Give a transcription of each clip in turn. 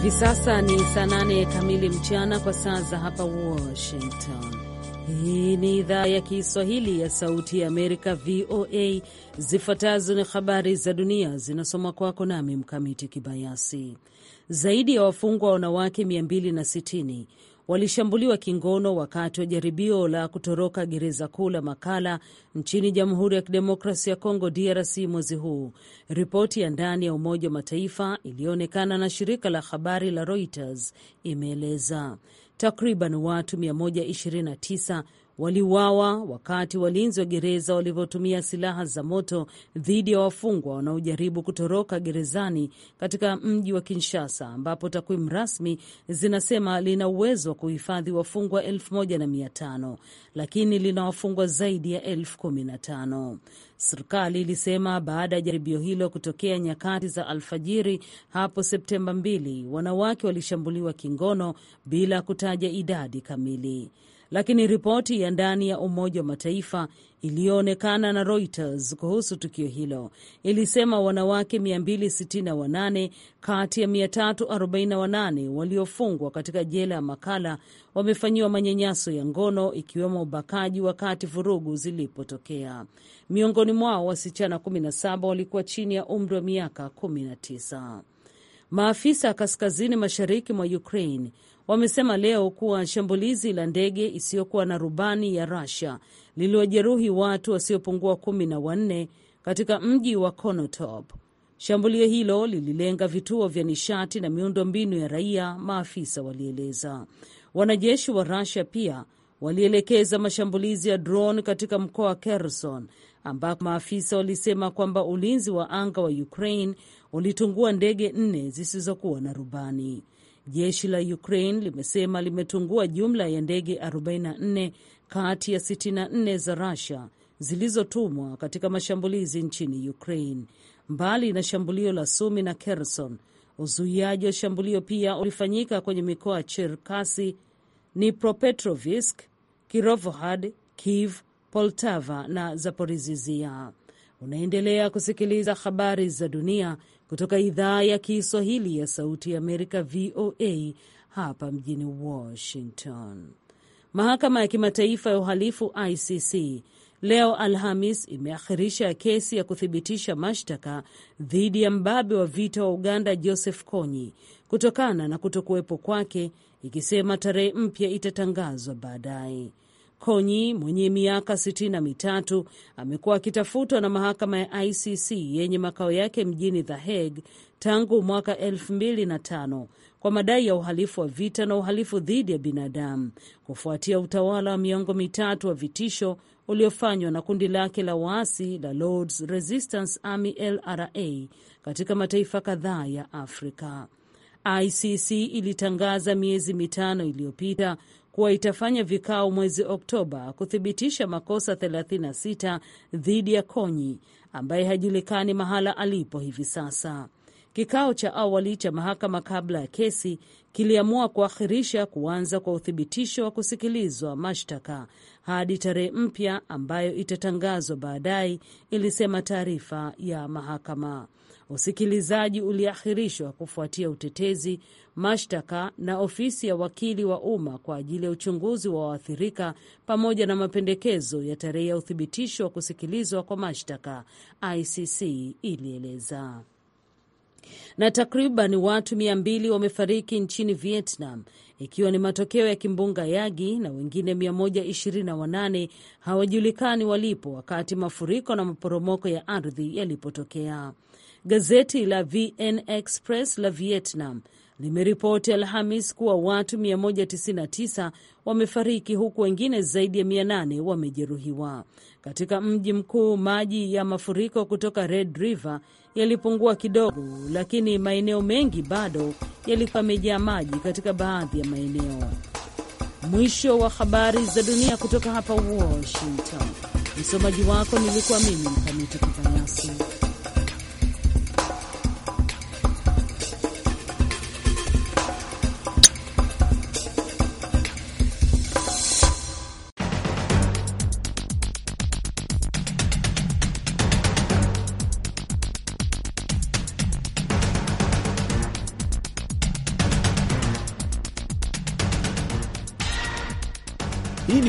Hivi sasa ni saa nane kamili mchana kwa saa za hapa Washington. Hii ni idhaa ya Kiswahili ya Sauti ya Amerika, VOA. Zifuatazo ni habari za dunia, zinasoma kwako nami Mkamiti Kibayasi. Zaidi ya wafungwa wanawake 260 walishambuliwa kingono wakati wa jaribio la kutoroka gereza kuu la Makala nchini Jamhuri ya Kidemokrasi ya Kongo, DRC, mwezi huu. Ripoti ya ndani ya Umoja wa Mataifa iliyoonekana na shirika la habari la Reuters imeeleza takriban watu 129 waliuawa wakati walinzi wa gereza walivyotumia silaha za moto dhidi ya wafungwa wanaojaribu kutoroka gerezani katika mji wa Kinshasa, ambapo takwimu rasmi zinasema lina uwezo wa kuhifadhi wafungwa 15 lakini lina wafungwa zaidi ya elfu Serikali ilisema baada ya jaribio hilo kutokea nyakati za alfajiri hapo Septemba 2, wanawake walishambuliwa kingono bila kutaja idadi kamili lakini ripoti ya ndani ya Umoja wa Mataifa iliyoonekana na Reuters kuhusu tukio hilo ilisema wanawake 268 kati ya 348 waliofungwa katika jela ya Makala wamefanyiwa manyanyaso ya ngono ikiwemo ubakaji wakati vurugu zilipotokea. Miongoni mwao wasichana 17 walikuwa chini ya umri wa miaka 19. Maafisa kaskazini mashariki mwa Ukraine wamesema leo kuwa shambulizi la ndege isiyokuwa na rubani ya rasia liliwajeruhi watu wasiopungua kumi na wanne katika mji wa Konotop. Shambulio hilo lililenga vituo vya nishati na miundo mbinu ya raia, maafisa walieleza. Wanajeshi wa rasia pia walielekeza mashambulizi ya drone katika mkoa wa Kherson ambapo maafisa walisema kwamba ulinzi wa anga wa Ukraine ulitungua ndege nne zisizokuwa na rubani. Jeshi la Ukraine limesema limetungua jumla ya ndege 44 kati ya 64 za Russia zilizotumwa katika mashambulizi nchini Ukraine. Mbali na shambulio la Sumi na Kherson, uzuiaji wa shambulio pia ulifanyika kwenye mikoa ya Cherkasi, Nipropetrovisk, Kirovohrad, Kiev, Poltava na zaporizizia Unaendelea kusikiliza habari za dunia kutoka idhaa ya Kiswahili ya Sauti ya Amerika, VOA hapa mjini Washington. Mahakama ya Kimataifa ya Uhalifu ICC leo Alhamis imeakhirisha kesi ya kuthibitisha mashtaka dhidi ya mbabe wa vita wa Uganda Joseph Kony kutokana na kutokuwepo kwake, ikisema tarehe mpya itatangazwa baadaye. Konyi mwenye miaka sitini na mitatu amekuwa akitafutwa na mahakama ya ICC yenye makao yake mjini The Hague tangu mwaka elfu mbili na tano kwa madai ya uhalifu wa vita na uhalifu dhidi ya binadamu kufuatia utawala wa miongo mitatu wa vitisho uliofanywa na kundi lake la waasi la Lords Resistance Army LRA katika mataifa kadhaa ya Afrika. ICC ilitangaza miezi mitano iliyopita kuwa itafanya vikao mwezi Oktoba kuthibitisha makosa 36 dhidi ya Konyi ambaye hajulikani mahala alipo hivi sasa. Kikao cha awali cha mahakama kabla ya kesi kiliamua kuakhirisha kuanza kwa uthibitisho wa kusikilizwa mashtaka hadi tarehe mpya ambayo itatangazwa baadaye, ilisema taarifa ya mahakama. Usikilizaji uliahirishwa kufuatia utetezi, mashtaka na ofisi ya wakili wa umma kwa ajili ya uchunguzi wa waathirika pamoja na mapendekezo ya tarehe ya uthibitisho wa kusikilizwa kwa mashtaka, ICC ilieleza na takriban watu mia mbili wamefariki nchini Vietnam ikiwa ni matokeo ya kimbunga Yagi na wengine 128 hawajulikani walipo wakati mafuriko na maporomoko ya ardhi yalipotokea. Gazeti la VN Express la Vietnam limeripoti Alhamis kuwa watu 199 wamefariki huku wengine zaidi ya 800 wamejeruhiwa. Katika mji mkuu, maji ya mafuriko kutoka Red River yalipungua kidogo, lakini maeneo mengi bado yalikuwa yamejaa maji katika baadhi ya maeneo. Mwisho wa habari za dunia kutoka hapa Washington. Msomaji wako nilikuwa mimi Mkamiti Kibayasi.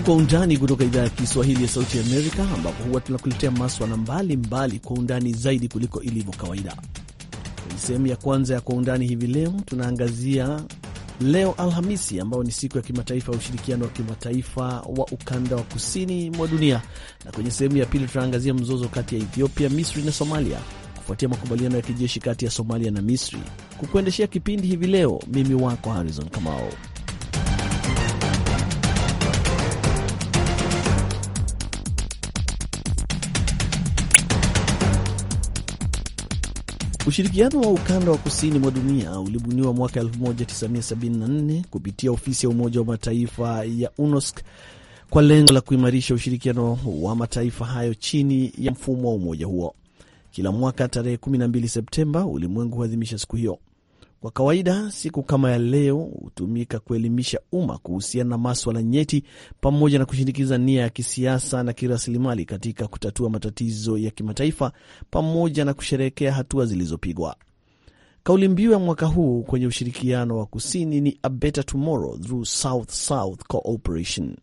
ni Kwa Undani kutoka idhaa ya Kiswahili ya Sauti Amerika, ambapo huwa tunakuletea maswala mbalimbali kwa undani zaidi kuliko ilivyo kawaida. Kwenye sehemu ya kwanza ya Kwa Undani hivi leo tunaangazia leo Alhamisi, ambayo ni siku ya kimataifa ya ushirikiano wa kimataifa wa ukanda wa kusini mwa dunia, na kwenye sehemu ya pili tunaangazia mzozo kati ya Ethiopia, Misri na Somalia kufuatia makubaliano ya kijeshi kati ya Somalia na Misri. Kukuendeshea kipindi hivi leo, mimi wako harizon Kamao. Ushirikiano wa ukanda wa kusini mwa dunia ulibuniwa mwaka 1974 kupitia ofisi ya Umoja wa Mataifa ya unosk kwa lengo la kuimarisha ushirikiano wa mataifa hayo chini ya mfumo wa umoja huo. Kila mwaka tarehe 12 Septemba ulimwengu huadhimisha siku hiyo. Kwa kawaida siku kama ya leo hutumika kuelimisha umma kuhusiana na maswala nyeti pamoja na kushinikiza nia ya kisiasa na kirasilimali katika kutatua matatizo ya kimataifa pamoja na kusherehekea hatua zilizopigwa. Kauli mbiu ya mwaka huu kwenye ushirikiano wa kusini ni A Better Tomorrow Through South South Cooperation.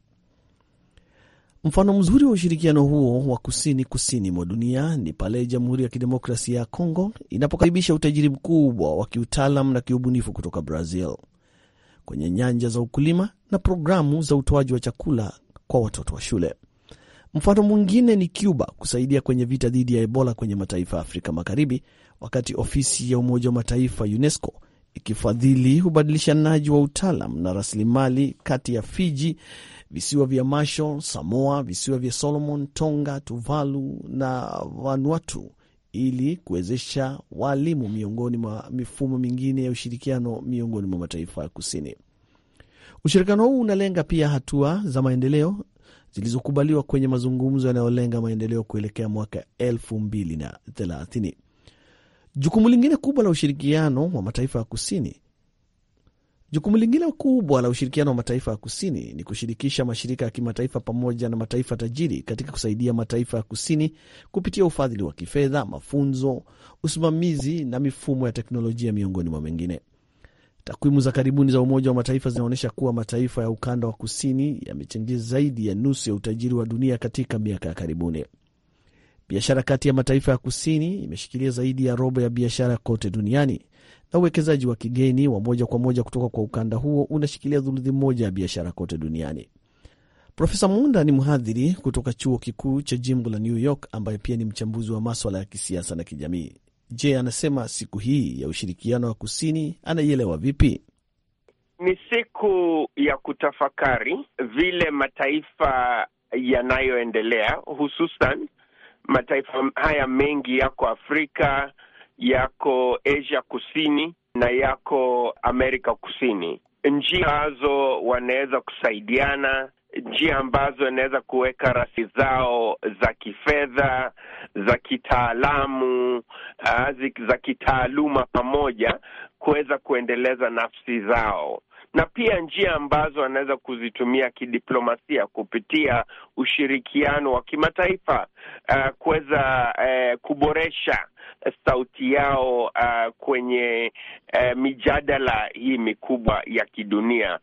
Mfano mzuri wa ushirikiano huo wa kusini kusini mwa dunia ni pale Jamhuri ya Kidemokrasia ya Kongo inapokaribisha utajiri mkubwa wa kiutaalam na kiubunifu kutoka Brazil kwenye nyanja za ukulima na programu za utoaji wa chakula kwa watoto wa shule. Mfano mwingine ni Cuba kusaidia kwenye vita dhidi ya Ebola kwenye mataifa ya Afrika Magharibi, wakati ofisi ya Umoja wa Mataifa UNESCO ikifadhili ubadilishanaji wa utaalam na rasilimali kati ya Fiji visiwa vya Marshall, Samoa, visiwa vya Solomon, Tonga, Tuvalu na Vanuatu ili kuwezesha walimu miongoni mwa mifumo mingine ya ushirikiano miongoni mwa mataifa ya kusini. Ushirikiano huu unalenga pia hatua za maendeleo zilizokubaliwa kwenye mazungumzo yanayolenga maendeleo kuelekea mwaka 2030. Jukumu lingine kubwa la ushirikiano wa mataifa ya kusini Jukumu lingine kubwa la ushirikiano wa mataifa ya kusini ni kushirikisha mashirika ya kimataifa pamoja na mataifa tajiri katika kusaidia mataifa ya kusini kupitia ufadhili wa kifedha, mafunzo, usimamizi na mifumo ya teknolojia miongoni mwa mengine. Takwimu za karibuni za Umoja wa Mataifa zinaonyesha kuwa mataifa ya ukanda wa kusini yamechangia zaidi ya nusu ya utajiri wa dunia katika miaka ya karibuni. Biashara kati ya mataifa ya kusini imeshikilia zaidi ya robo ya biashara kote duniani na uwekezaji wa kigeni wa moja kwa moja kutoka kwa ukanda huo unashikilia thuluthi moja ya biashara kote duniani. Profesa Munda ni mhadhiri kutoka chuo kikuu cha jimbo la New York ambaye pia ni mchambuzi wa maswala ya kisiasa na kijamii. Je, anasema siku hii ya ushirikiano wa kusini anaielewa vipi? Ni siku ya kutafakari vile mataifa yanayoendelea, hususan mataifa haya mengi yako Afrika yako Asia Kusini na yako Amerika Kusini, njia ambazo wanaweza kusaidiana, njia ambazo wanaweza kuweka rasi zao za kifedha, za kitaalamu, ah, za kitaaluma pamoja, kuweza kuendeleza nafsi zao na pia njia ambazo wanaweza kuzitumia kidiplomasia kupitia ushirikiano wa kimataifa uh, kuweza uh, kuboresha sauti yao uh, kwenye uh, mijadala hii mikubwa ya kidunia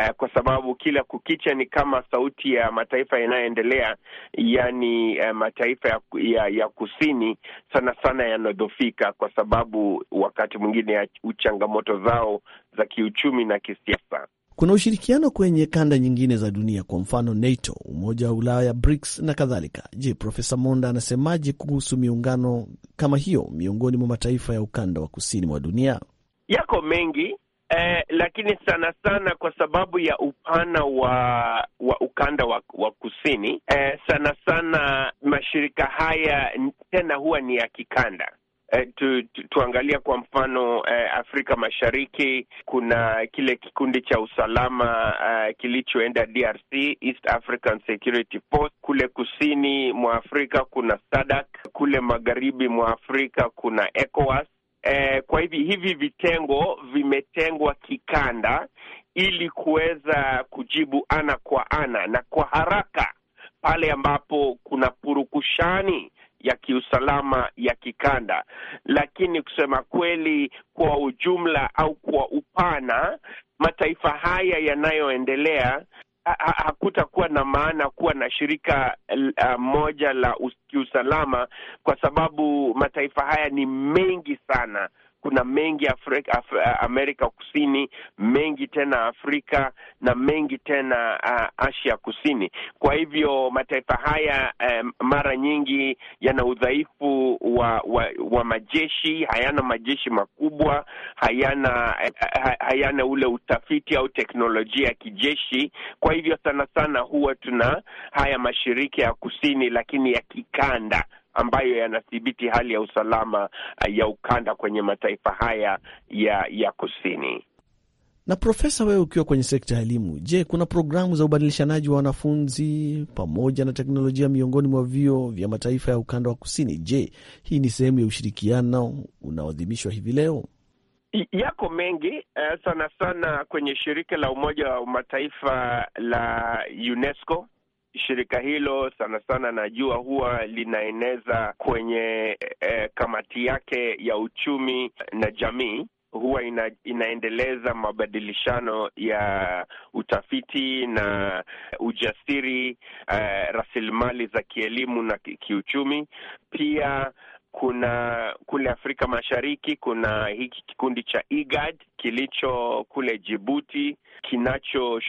uh, kwa sababu kila kukicha ni kama sauti ya mataifa yanayoendelea, yani uh, mataifa ya, ya, ya kusini sana sana yanadhofika, kwa sababu wakati mwingine ya changamoto zao za kiuchumi na kisiasa. Kuna ushirikiano kwenye kanda nyingine za dunia, kwa mfano NATO, Umoja wa Ulaya, BRICS na kadhalika. Je, Profesa Monda anasemaje kuhusu miungano kama hiyo miongoni mwa mataifa ya ukanda wa kusini mwa dunia? Yako mengi eh, lakini sana sana kwa sababu ya upana wa wa ukanda wa, wa kusini eh, sana sana mashirika haya tena huwa ni ya kikanda eh, tu, tu, tuangalia kwa mfano eh, Afrika Mashariki kuna kile kikundi cha usalama eh, kilichoenda DRC, East African Security Force. Kule kusini mwa Afrika kuna SADC, kule magharibi mwa Afrika kuna ECOWAS. Eh, kwa hivi hivi vitengo vimetengwa kikanda ili kuweza kujibu ana kwa ana na kwa haraka pale ambapo kuna purukushani ya kiusalama ya kikanda, lakini kusema kweli, kwa ujumla au kwa upana, mataifa haya yanayoendelea hakutakuwa na maana kuwa na shirika uh, moja la kiusalama, kwa sababu mataifa haya ni mengi sana kuna mengi Afrika, Af Amerika Kusini, mengi tena Afrika na mengi tena uh, Asia Kusini. Kwa hivyo mataifa haya um, mara nyingi yana udhaifu wa, wa wa majeshi, hayana majeshi makubwa, hayana hayana ule utafiti au teknolojia ya kijeshi. Kwa hivyo sana sana huwa tuna haya mashirika ya kusini, lakini ya kikanda ambayo yanathibiti hali ya usalama eh, ya ukanda kwenye mataifa haya ya ya kusini. Na profesa, wewe ukiwa kwenye sekta ya elimu, je, kuna programu za ubadilishanaji wa wanafunzi pamoja na teknolojia miongoni mwa vyuo vya mataifa ya ukanda wa kusini? Je, hii ni sehemu ya ushirikiano unaoadhimishwa hivi leo? Yako mengi eh, sana sana kwenye shirika la Umoja wa Mataifa la UNESCO shirika hilo sana sana najua huwa linaeneza kwenye eh, kamati yake ya uchumi na jamii huwa ina, inaendeleza mabadilishano ya utafiti na ujasiri uh, rasilimali za kielimu na kiuchumi. Pia kuna kule Afrika Mashariki kuna hiki kikundi cha IGAD kilicho kule Jibuti kinacho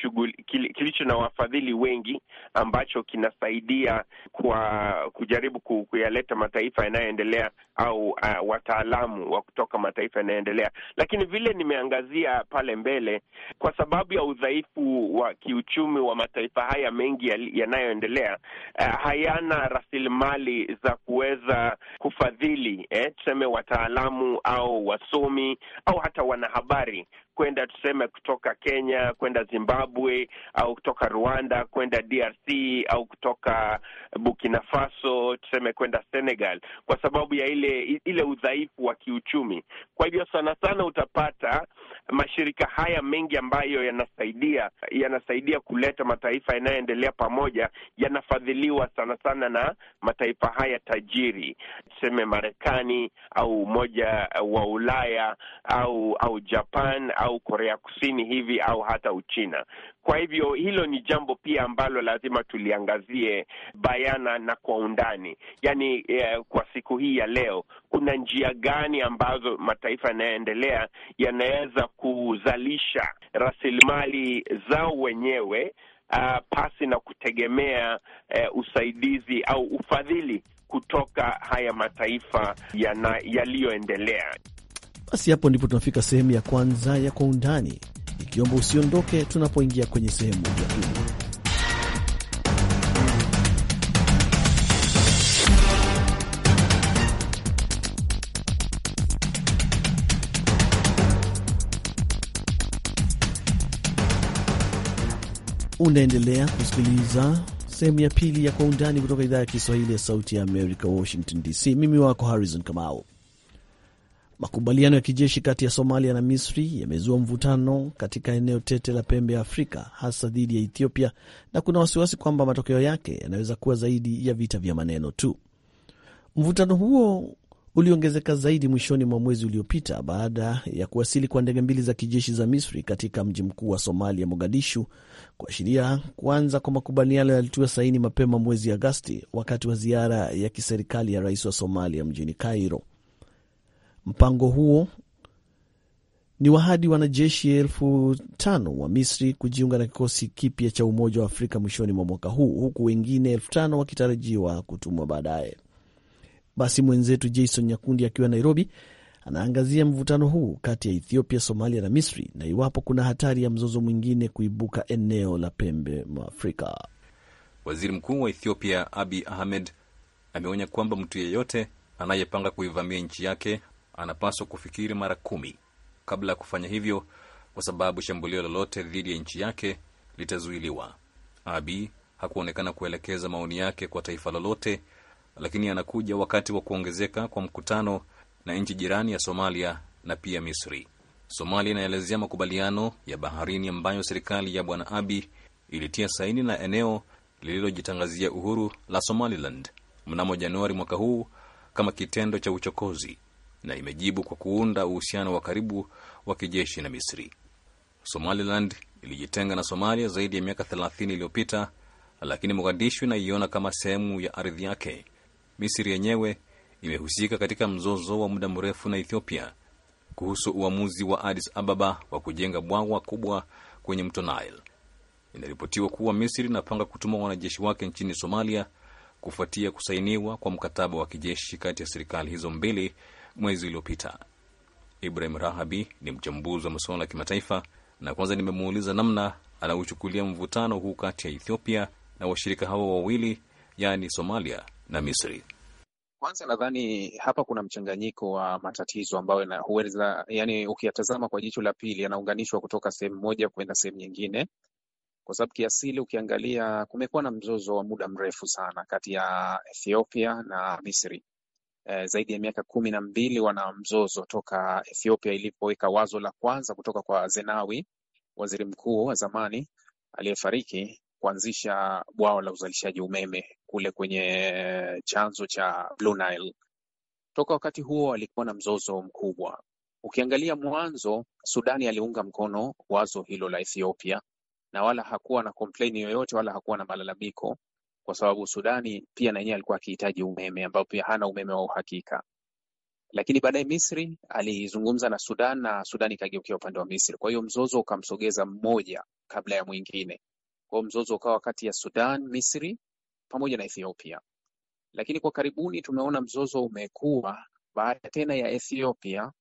kil, kilicho na wafadhili wengi ambacho kinasaidia kwa kujaribu kuyaleta mataifa yanayoendelea au uh, wataalamu wa kutoka mataifa yanayoendelea. Lakini vile nimeangazia pale mbele, kwa sababu ya udhaifu wa kiuchumi wa mataifa haya mengi yanayoendelea, uh, hayana rasilimali za kuweza kufa wafadhili eh, tuseme wataalamu au wasomi au hata wanahabari kwenda tuseme kutoka Kenya kwenda Zimbabwe au kutoka Rwanda kwenda DRC au kutoka Burkina Faso tuseme kwenda Senegal, kwa sababu ya ile ile udhaifu wa kiuchumi. Kwa hivyo sana sana utapata mashirika haya mengi ambayo yanasaidia yanasaidia kuleta mataifa yanayoendelea pamoja yanafadhiliwa sana sana na mataifa haya tajiri, tuseme Marekani au Umoja wa Ulaya au au Japan au au Korea Kusini hivi au hata Uchina. Kwa hivyo hilo ni jambo pia ambalo lazima tuliangazie bayana na kwa undani, yaani eh, kwa siku hii ya leo kuna njia gani ambazo mataifa yanayoendelea yanaweza kuzalisha rasilimali zao wenyewe uh, pasi na kutegemea uh, usaidizi au ufadhili kutoka haya mataifa yaliyoendelea. Basi hapo ndipo tunafika sehemu ya kwanza ya Kwa Undani, ikiomba usiondoke tunapoingia kwenye sehemu ya pili. Unaendelea kusikiliza sehemu ya pili ya Kwa Undani kutoka idhaa ya Kiswahili ya Sauti ya Amerika, Washington DC. Mimi wako Harrison Kamau. Makubaliano ya kijeshi kati ya Somalia na Misri yamezua mvutano katika eneo tete la pembe ya Afrika, hasa dhidi ya Ethiopia, na kuna wasiwasi kwamba matokeo yake yanaweza kuwa zaidi ya vita vya maneno tu. Mvutano huo uliongezeka zaidi mwishoni mwa mwezi uliopita baada ya kuwasili kwa ndege mbili za kijeshi za Misri katika mji mkuu wa Somalia, Mogadishu, kuashiria kuanza kwa makubaliano yalitua saini mapema mwezi Agasti wakati wa ziara ya kiserikali ya rais wa Somalia mjini Cairo. Mpango huo ni wahadi wanajeshi elfu tano wa Misri kujiunga na kikosi kipya cha Umoja wa Afrika mwishoni mwa mwaka huu huku wengine elfu tano wakitarajiwa kutumwa baadaye. Basi mwenzetu Jason Nyakundi akiwa Nairobi anaangazia mvutano huu kati ya Ethiopia, Somalia na Misri na iwapo kuna hatari ya mzozo mwingine kuibuka eneo la pembe mwa Afrika. Waziri Mkuu wa Ethiopia Abi Ahmed ameonya kwamba mtu yeyote anayepanga kuivamia nchi yake anapaswa kufikiri mara kumi kabla ya kufanya hivyo, kwa sababu shambulio lolote dhidi ya nchi yake litazuiliwa. Abi hakuonekana kuelekeza maoni yake kwa taifa lolote, lakini anakuja wakati wa kuongezeka kwa mkutano na nchi jirani ya Somalia na pia Misri. Somalia inaelezea makubaliano ya baharini ambayo serikali ya Bwana Abi ilitia saini na eneo lililojitangazia uhuru la Somaliland mnamo Januari mwaka huu kama kitendo cha uchokozi na imejibu kwa kuunda uhusiano wa karibu wa kijeshi na Misri. Somaliland ilijitenga na Somalia zaidi ya miaka 30 iliyopita, lakini Mogadishu inaiona kama sehemu ya ardhi yake. Misri yenyewe imehusika katika mzozo wa muda mrefu na Ethiopia kuhusu uamuzi wa Addis Ababa wa kujenga bwawa kubwa kwenye mto Nile. Inaripotiwa kuwa Misri inapanga kutuma wanajeshi wake nchini Somalia kufuatia kusainiwa kwa mkataba wa kijeshi kati ya serikali hizo mbili mwezi uliopita. Ibrahim Rahabi ni mchambuzi wa masuala ya kimataifa, na kwanza nimemuuliza namna anaochukulia mvutano huu kati ya Ethiopia na washirika hao wawili, yaani Somalia na Misri. Kwanza nadhani hapa kuna mchanganyiko wa matatizo ambayo huweza, yani, ukiyatazama kwa jicho la pili, yanaunganishwa kutoka sehemu moja kwenda sehemu nyingine, kwa sababu kiasili ukiangalia, kumekuwa na mzozo wa muda mrefu sana kati ya Ethiopia na Misri eh, zaidi ya miaka kumi na mbili wana mzozo toka Ethiopia ilipoweka wazo la kwanza kutoka kwa Zenawi, waziri mkuu wa zamani aliyefariki, kuanzisha bwawa la uzalishaji umeme kule kwenye eh, chanzo cha Blue Nile. Toka wakati huo alikuwa na mzozo mkubwa. Ukiangalia mwanzo, Sudani aliunga mkono wazo hilo la Ethiopia na wala hakuwa na kompleni yoyote wala hakuwa na malalamiko, kwa sababu Sudani pia na yeye alikuwa akihitaji umeme ambao pia hana umeme wa uhakika. Lakini baadaye Misri alizungumza na Sudan na Sudan ikageukia upande wa Misri. Kwa hiyo mzozo ukamsogeza mmoja kabla ya mwingine. Kwa hiyo mzozo ukawa kati ya Sudan, Misri pamoja na Ethiopia. Lakini kwa karibuni tumeona mzozo umekuwa baada tena ya Ethiopia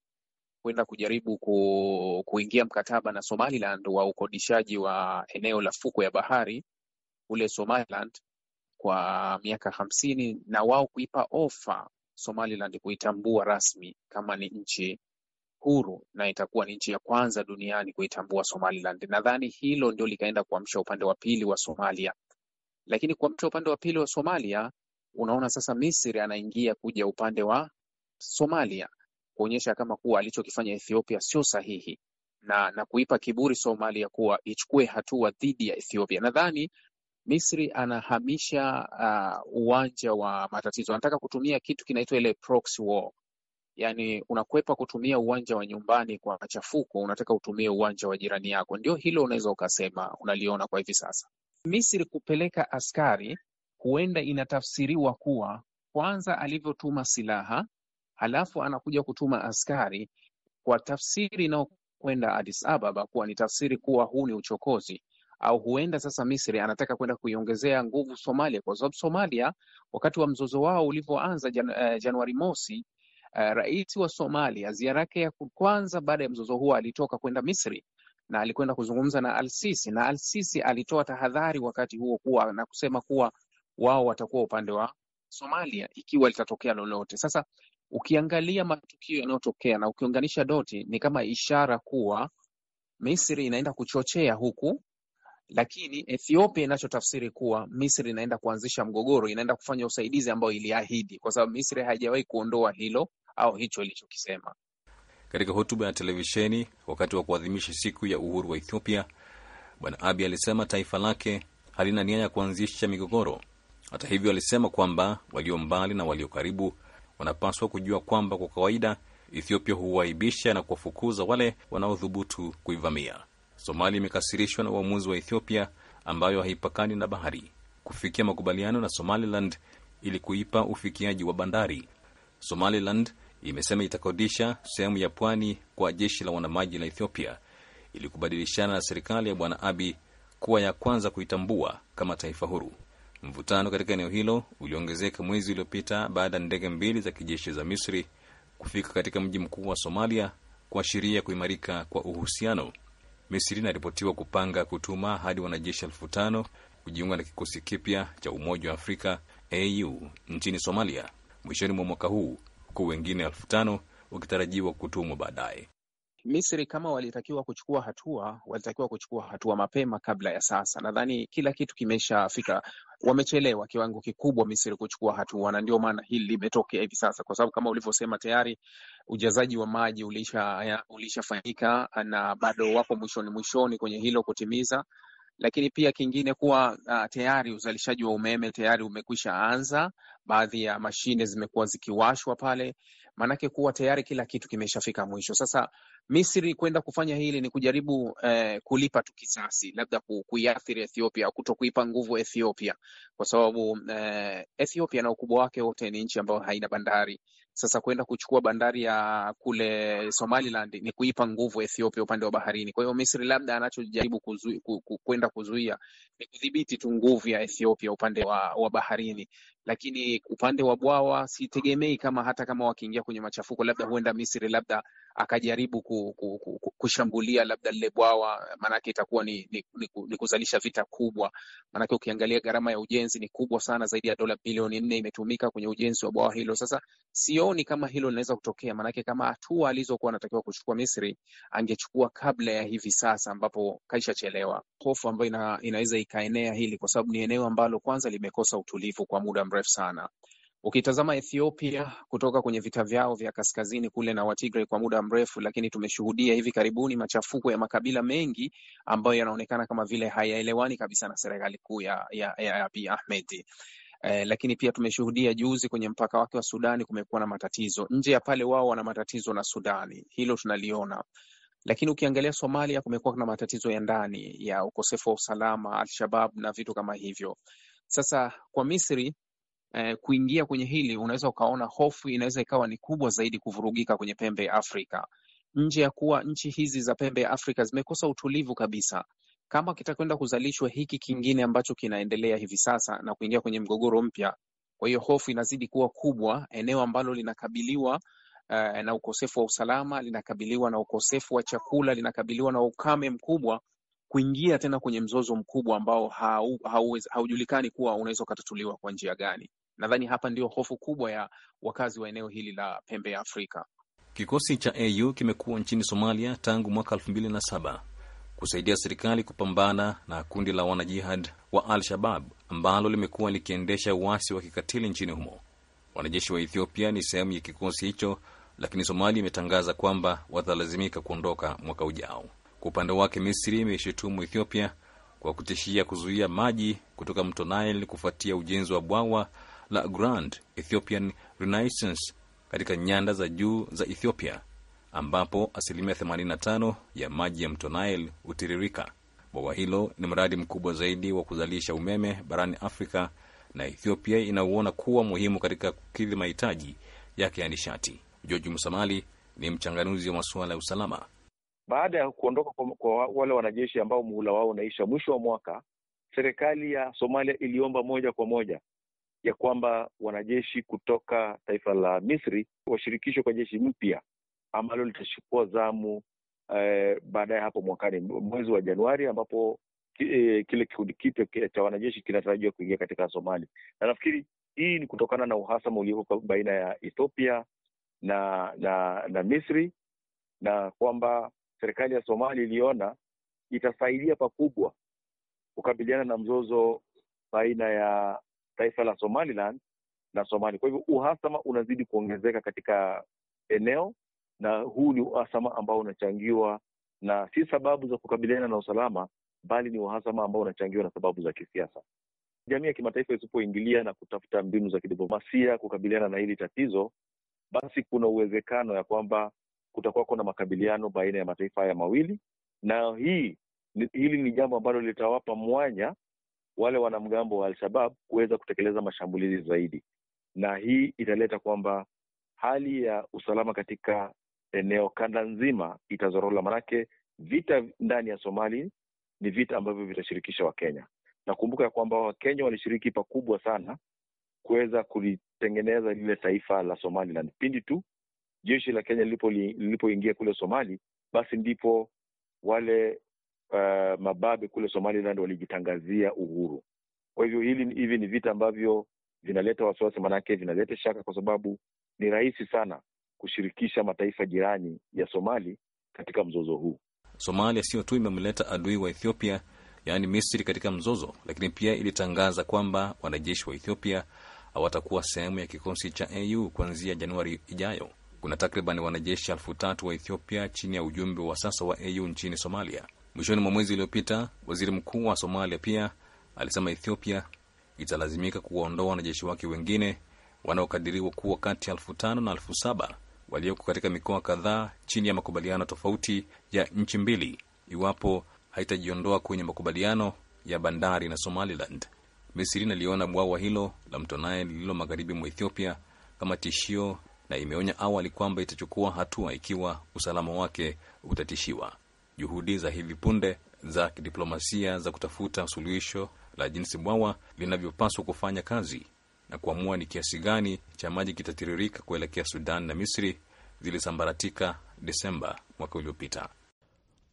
kwenda kujaribu ku, kuingia mkataba na Somaliland wa ukodishaji wa eneo la fuko ya bahari kule Somaliland kwa miaka hamsini na wao kuipa ofa Somaliland kuitambua rasmi kama ni nchi huru na itakuwa ni nchi ya kwanza duniani kuitambua Somaliland. Nadhani hilo ndio likaenda kuamsha upande wa pili wa Somalia, lakini kuamsha upande wa pili wa Somalia, unaona sasa Misri anaingia kuja upande wa Somalia kuonyesha kama kuwa alichokifanya Ethiopia sio sahihi na, na kuipa kiburi Somalia kuwa ichukue hatua dhidi ya Ethiopia. Nadhani Misri anahamisha uh, uwanja wa matatizo, anataka kutumia kitu kinaitwa ile proxy war, yani unakwepa kutumia uwanja wa nyumbani kwa machafuko, unataka utumie uwanja wa jirani yako. Ndio hilo unaweza ukasema unaliona kwa hivi sasa. Misri kupeleka askari huenda inatafsiriwa kuwa kwanza alivyotuma silaha, halafu anakuja kutuma askari, kwa tafsiri inayokwenda Addis Ababa kuwa ni tafsiri kuwa huu ni uchokozi au huenda sasa Misri anataka kwenda kuiongezea nguvu Somalia, kwa sababu Somalia wakati wa mzozo wao ulivyoanza jan, uh, eh, Januari mosi uh, rais wa Somalia ziara yake ya kwanza baada ya mzozo huo alitoka kwenda Misri na alikwenda kuzungumza na Al-Sisi na Al-Sisi alitoa tahadhari wakati huo kuwa na kusema kuwa wao watakuwa upande wa Somalia ikiwa litatokea lolote. Sasa ukiangalia matukio yanayotokea na ukiunganisha doti, ni kama ishara kuwa Misri inaenda kuchochea huku lakini Ethiopia inachotafsiri kuwa Misri inaenda kuanzisha mgogoro, inaenda kufanya usaidizi ambao iliahidi, kwa sababu Misri haijawahi kuondoa hilo au hicho ilichokisema. Katika hotuba ya televisheni wakati wa kuadhimisha siku ya uhuru wa Ethiopia, Bwana Abiy alisema taifa lake halina nia ya kuanzisha migogoro. Hata hivyo, alisema kwamba walio mbali na walio karibu wanapaswa kujua kwamba kwa kawaida Ethiopia huwaibisha na kuwafukuza wale wanaothubutu kuivamia. Somalia imekasirishwa na uamuzi wa Ethiopia ambayo haipakani na bahari kufikia makubaliano na Somaliland ili kuipa ufikiaji wa bandari. Somaliland imesema itakodisha sehemu ya pwani kwa jeshi la wanamaji la Ethiopia ili kubadilishana na serikali ya Bwana Abi kuwa ya kwanza kuitambua kama taifa huru. Mvutano katika eneo hilo uliongezeka mwezi uliopita baada ya ndege mbili za kijeshi za Misri kufika katika mji mkuu wa Somalia kuashiria kuimarika kwa uhusiano. Misri inaripotiwa kupanga kutuma hadi wanajeshi elfu tano kujiunga na kikosi kipya cha Umoja wa Afrika AU nchini Somalia mwishoni mwa mwaka huu, huku wengine elfu tano wakitarajiwa kutumwa baadaye. Misri kama walitakiwa kuchukua hatua, walitakiwa kuchukua hatua mapema kabla ya sasa. Nadhani kila kitu kimeshafika. Wamechelewa kiwango kikubwa Misri kuchukua hatua, na ndio maana hili limetokea hivi sasa, kwa sababu kama ulivyosema tayari ujazaji wa maji ulisha ulishafanyika na bado wapo mwishoni mwishoni kwenye hilo kutimiza, lakini pia kingine kuwa uh, tayari uzalishaji wa umeme tayari umekwisha anza, baadhi ya mashine zimekuwa zikiwashwa pale, maanake kuwa tayari kila kitu kimeshafika mwisho sasa Misri kwenda kufanya hili ni kujaribu eh, kulipa tu kisasi, labda kuiathiri Ethiopia kuto kuipa nguvu Ethiopia, kwa sababu eh, Ethiopia na ukubwa wake wote ni nchi ambayo haina bandari. Sasa kwenda kuchukua bandari ya kule Somaliland ni kuipa nguvu Ethiopia upande wa baharini. Kwa hiyo Misri labda anachojaribu kwenda kuzuia ni kudhibiti tu nguvu ya Ethiopia upande wa, wa baharini, lakini upande wa bwawa sitegemei kama hata kama wakiingia kwenye machafuko, labda huenda Misri labda akajaribu ku kushambulia labda lile bwawa, maanake itakuwa ni, ni, ni, ni kuzalisha vita kubwa. Maanake ukiangalia gharama ya ujenzi ni kubwa sana, zaidi ya dola bilioni nne imetumika kwenye ujenzi wa bwawa hilo. Sasa sioni kama hilo linaweza kutokea, maanake kama hatua alizokuwa anatakiwa kuchukua Misri angechukua kabla ya hivi sasa, ambapo kaishachelewa. Hofu ambayo ina, inaweza ikaenea hili, kwa sababu ni eneo ambalo kwanza limekosa utulivu kwa muda mrefu sana Ukitazama Ethiopia kutoka kwenye vita vyao vya kaskazini kule na Watigray kwa muda mrefu, lakini tumeshuhudia hivi karibuni machafuko ya makabila mengi ambayo yanaonekana kama vile hayaelewani kabisa na serikali kuu ya, ya, ya Abiy Ahmed. Eh, lakini pia tumeshuhudia juzi kwenye mpaka wake wa Sudani kumekuwa na matatizo. Nje ya pale wao wana matatizo na Sudani, hilo tunaliona lakini ukiangalia Somalia kumekuwa na matatizo ya ndani ya ukosefu wa usalama, Al-Shabab na vitu kama hivyo. Sasa kwa Misri eh, kuingia kwenye hili, unaweza ukaona hofu inaweza ikawa ni kubwa zaidi kuvurugika kwenye pembe ya Afrika, nje ya kuwa nchi hizi za pembe ya Afrika zimekosa utulivu kabisa. Kama kitakwenda kuzalishwa hiki kingine ambacho kinaendelea hivi sasa na kuingia kwenye mgogoro mpya, kwa hiyo hofu inazidi kuwa kubwa, eneo ambalo linakabiliwa eh, na ukosefu wa usalama linakabiliwa na ukosefu wa chakula linakabiliwa na ukame mkubwa, kuingia tena kwenye mzozo mkubwa ambao haujulikani hau, hau, haujulikani kuwa unaweza ukatatuliwa kwa njia gani. Nadhani hapa ndio hofu kubwa ya wakazi wa eneo hili la pembe ya Afrika. Kikosi cha AU kimekuwa nchini Somalia tangu mwaka elfu mbili na saba kusaidia serikali kupambana na kundi la wanajihad wa Al-Shabab ambalo limekuwa likiendesha uasi wa kikatili nchini humo. Wanajeshi wa Ethiopia ni sehemu ya kikosi hicho, lakini Somalia imetangaza kwamba watalazimika kuondoka mwaka ujao. Kwa upande wake, Misri imeshutumu Ethiopia kwa kutishia kuzuia maji kutoka mto Nile kufuatia ujenzi wa bwawa la Grand Ethiopian Renaissance katika nyanda za juu za Ethiopia ambapo asilimia 85 ya maji ya mto Nile hutiririka. Bwawa hilo ni mradi mkubwa zaidi wa kuzalisha umeme barani Afrika na Ethiopia inauona kuwa muhimu katika kukidhi mahitaji yake ya nishati. George Musamali ni mchanganuzi wa masuala ya usalama. Baada ya kuondoka kwa wale wanajeshi ambao muhula wao unaisha mwisho wa mwaka, serikali ya Somalia iliomba moja kwa moja ya kwamba wanajeshi kutoka taifa la Misri washirikishwe kwa jeshi mpya ambalo litachukua zamu eh, baadaye hapo mwakani mwezi wa Januari ambapo eh, kile kikundi kipya cha wanajeshi kinatarajiwa kuingia katika Somali, na nafikiri hii ni kutokana na uhasama ulioko baina ya Ethiopia na na na Misri na kwamba serikali ya Somali iliona itasaidia pakubwa kukabiliana na mzozo baina ya taifa la Somaliland na Somalia. Kwa hivyo uhasama unazidi kuongezeka katika eneo, na huu ni uhasama ambao unachangiwa na si sababu za kukabiliana na usalama, bali ni uhasama ambao unachangiwa na sababu za kisiasa. Jamii ya kimataifa isipoingilia na kutafuta mbinu za kidiplomasia kukabiliana na hili tatizo, basi kuna uwezekano ya kwamba kutakuwa kuna makabiliano baina ya mataifa haya mawili, na hii hili ni jambo ambalo litawapa mwanya wale wanamgambo wa Al-Shabab kuweza kutekeleza mashambulizi zaidi, na hii italeta kwamba hali ya usalama katika eneo kanda nzima itazorola, manake vita ndani ya Somali ni vita ambavyo vitashirikisha Wakenya. Nakumbuka ya kwamba Wakenya walishiriki pakubwa sana kuweza kulitengeneza lile taifa la Somaliland. Pindi tu jeshi la Kenya lilipoingia kule Somali, basi ndipo wale uh, mababe kule Somaliland walijitangazia uhuru. Kwa hivyo hili hivi ni vita ambavyo vinaleta wasiwasi, manaake vinaleta shaka, kwa sababu ni rahisi sana kushirikisha mataifa jirani ya Somali katika mzozo huu. Somalia sio tu imemleta adui wa Ethiopia yaani Misri katika mzozo, lakini pia ilitangaza kwamba wanajeshi wa Ethiopia hawatakuwa sehemu ya kikosi cha AU kuanzia Januari ijayo. Kuna takriban wanajeshi elfu tatu wa Ethiopia chini ya ujumbe wa sasa wa AU nchini Somalia. Mwishoni mwa mwezi uliopita, waziri mkuu wa Somalia pia alisema Ethiopia italazimika kuwaondoa wanajeshi wake wengine wanaokadiriwa kuwa kati ya elfu tano na elfu saba walioko katika mikoa kadhaa chini ya makubaliano tofauti ya nchi mbili iwapo haitajiondoa kwenye makubaliano ya bandari na Somaliland. Misri naliona bwawa hilo la mto Nile lililo magharibi mwa Ethiopia kama tishio na imeonya awali kwamba itachukua hatua ikiwa usalama wake utatishiwa juhudi za hivi punde za kidiplomasia za kutafuta suluhisho la jinsi bwawa linavyopaswa kufanya kazi na kuamua ni kiasi gani cha maji kitatiririka kuelekea Sudan na Misri zilisambaratika Desemba mwaka uliopita.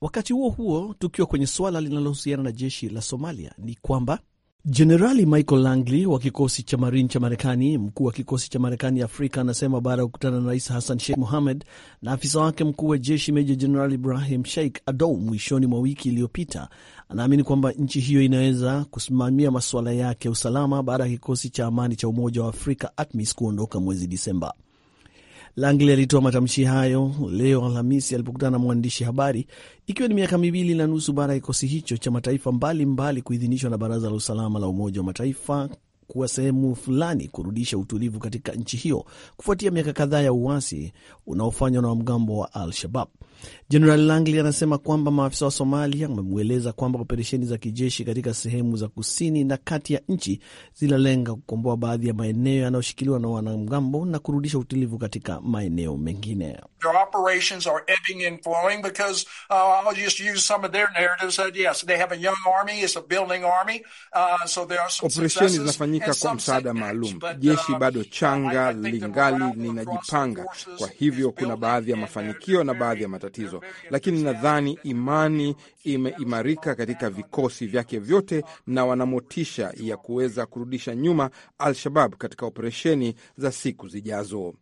Wakati huo huo, tukiwa kwenye suala linalohusiana na jeshi la Somalia, ni kwamba Jenerali Michael Langley wa kikosi cha Marine cha Marekani, mkuu wa kikosi cha Marekani Afrika, anasema baada ya kukutana na Rais Hassan Sheikh Mohamed na afisa wake mkuu wa jeshi Meja Jenerali Ibrahim Sheikh Adou mwishoni mwa wiki iliyopita, anaamini kwamba nchi hiyo inaweza kusimamia masuala yake ya usalama baada ya kikosi cha amani cha Umoja wa Afrika ATMIS kuondoka mwezi Disemba. Langley alitoa matamshi hayo leo Alhamisi alipokutana na mwandishi habari, ikiwa ni miaka miwili na nusu baada ya kikosi hicho cha mataifa mbalimbali kuidhinishwa na Baraza la Usalama la Umoja wa Mataifa kuwa sehemu fulani kurudisha utulivu katika nchi hiyo kufuatia miaka kadhaa ya uasi unaofanywa na wamgambo wa Al-Shabab. Jeneral Langley anasema kwamba maafisa wa Somalia wamemweleza kwamba operesheni za kijeshi katika sehemu za kusini na kati ya nchi zinalenga kukomboa baadhi ya maeneo yanayoshikiliwa na wanamgambo na kurudisha utulivu katika maeneo mengine. Uh, uh, uh, operesheni zinafanyika kufanyika kwa msaada maalum. Jeshi uh, bado changa, lingali linajipanga. Kwa hivyo kuna baadhi ya mafanikio na baadhi ya matatizo, lakini nadhani imani imeimarika katika vikosi vyake vyote na wana motisha ya kuweza kurudisha nyuma Al-Shabab katika operesheni za siku zijazo.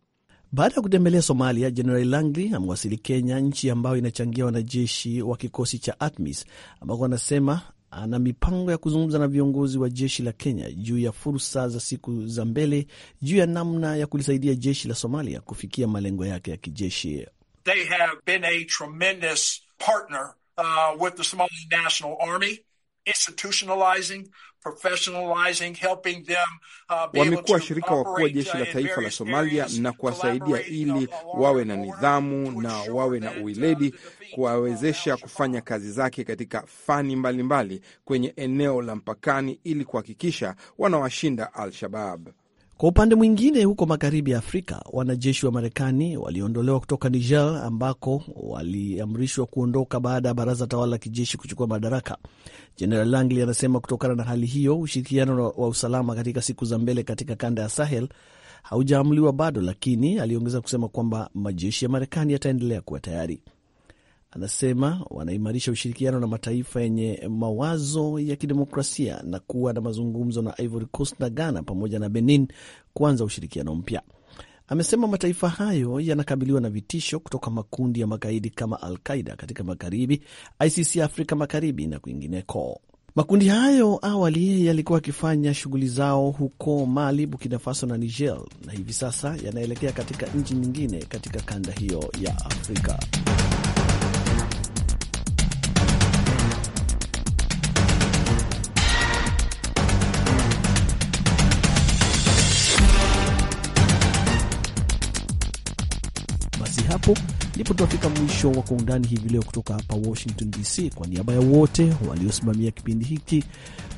Baada ya kutembelea Somalia, Jenerali Langley amewasili Kenya, nchi ambayo inachangia wanajeshi wa kikosi cha ATMIS ambako anasema ana ah, mipango ya kuzungumza na viongozi wa jeshi la Kenya juu ya fursa za siku za mbele juu ya namna ya kulisaidia jeshi la Somalia kufikia malengo yake ya kijeshi. They have been a tremendous partner, uh, with the Somali National Army institutionalizing, professionalizing, helping them, uh, wamekuwa washirika wakuu wa jeshi la taifa la Somalia na kuwasaidia ili wawe na nidhamu uh, na wawe na uweledi, kuwawezesha kufanya kazi zake katika fani mbalimbali mbali kwenye eneo la mpakani ili kuhakikisha wanawashinda Al-Shabab. Kwa upande mwingine, huko magharibi ya Afrika, wanajeshi wa Marekani waliondolewa kutoka Niger ambako waliamrishwa kuondoka baada ya baraza tawala la kijeshi kuchukua madaraka. jeneral Langley anasema kutokana na hali hiyo, ushirikiano wa usalama katika siku za mbele katika kanda ya Sahel haujaamuliwa bado, lakini aliongeza kusema kwamba majeshi ya Marekani yataendelea kuwa tayari. Anasema wanaimarisha ushirikiano na mataifa yenye mawazo ya kidemokrasia na kuwa na mazungumzo na Ivory Coast na Ghana pamoja na Benin kuanza ushirikiano mpya. Amesema mataifa hayo yanakabiliwa na vitisho kutoka makundi ya magaidi kama Al Qaida katika magharibi, ICC Afrika Magharibi na kwingineko. Makundi hayo awali yalikuwa yakifanya shughuli zao huko Mali, Burkina Faso na Niger, na hivi sasa yanaelekea katika nchi nyingine katika kanda hiyo ya Afrika. hapo ndipo tunafika mwisho wa Kwa Undani hivi leo kutoka hapa Washington DC. Kwa niaba ya wote waliosimamia kipindi hiki,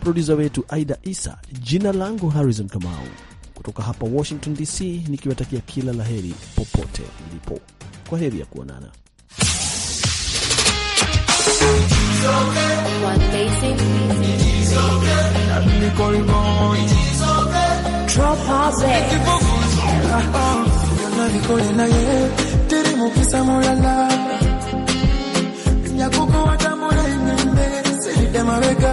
produsa wetu Aida Isa, jina langu Harrison Kamau kutoka hapa Washington DC, nikiwatakia kila laheri popote mlipo. Kwa heri ya kuonana kisa mulala nyakuko watambula imembe siride mabega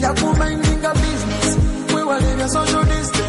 nyakuma ininga business wewalevya social distance